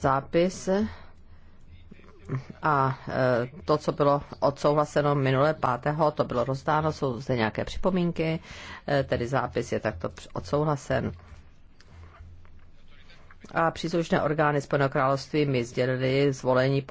zápis a e, to, co bylo odsouhlaseno minulé pátého, to bylo rozdáno, jsou zde nějaké připomínky, e, tedy zápis je takto odsouhlasen. A příslušné orgány Spojeného království mi sdělili zvolení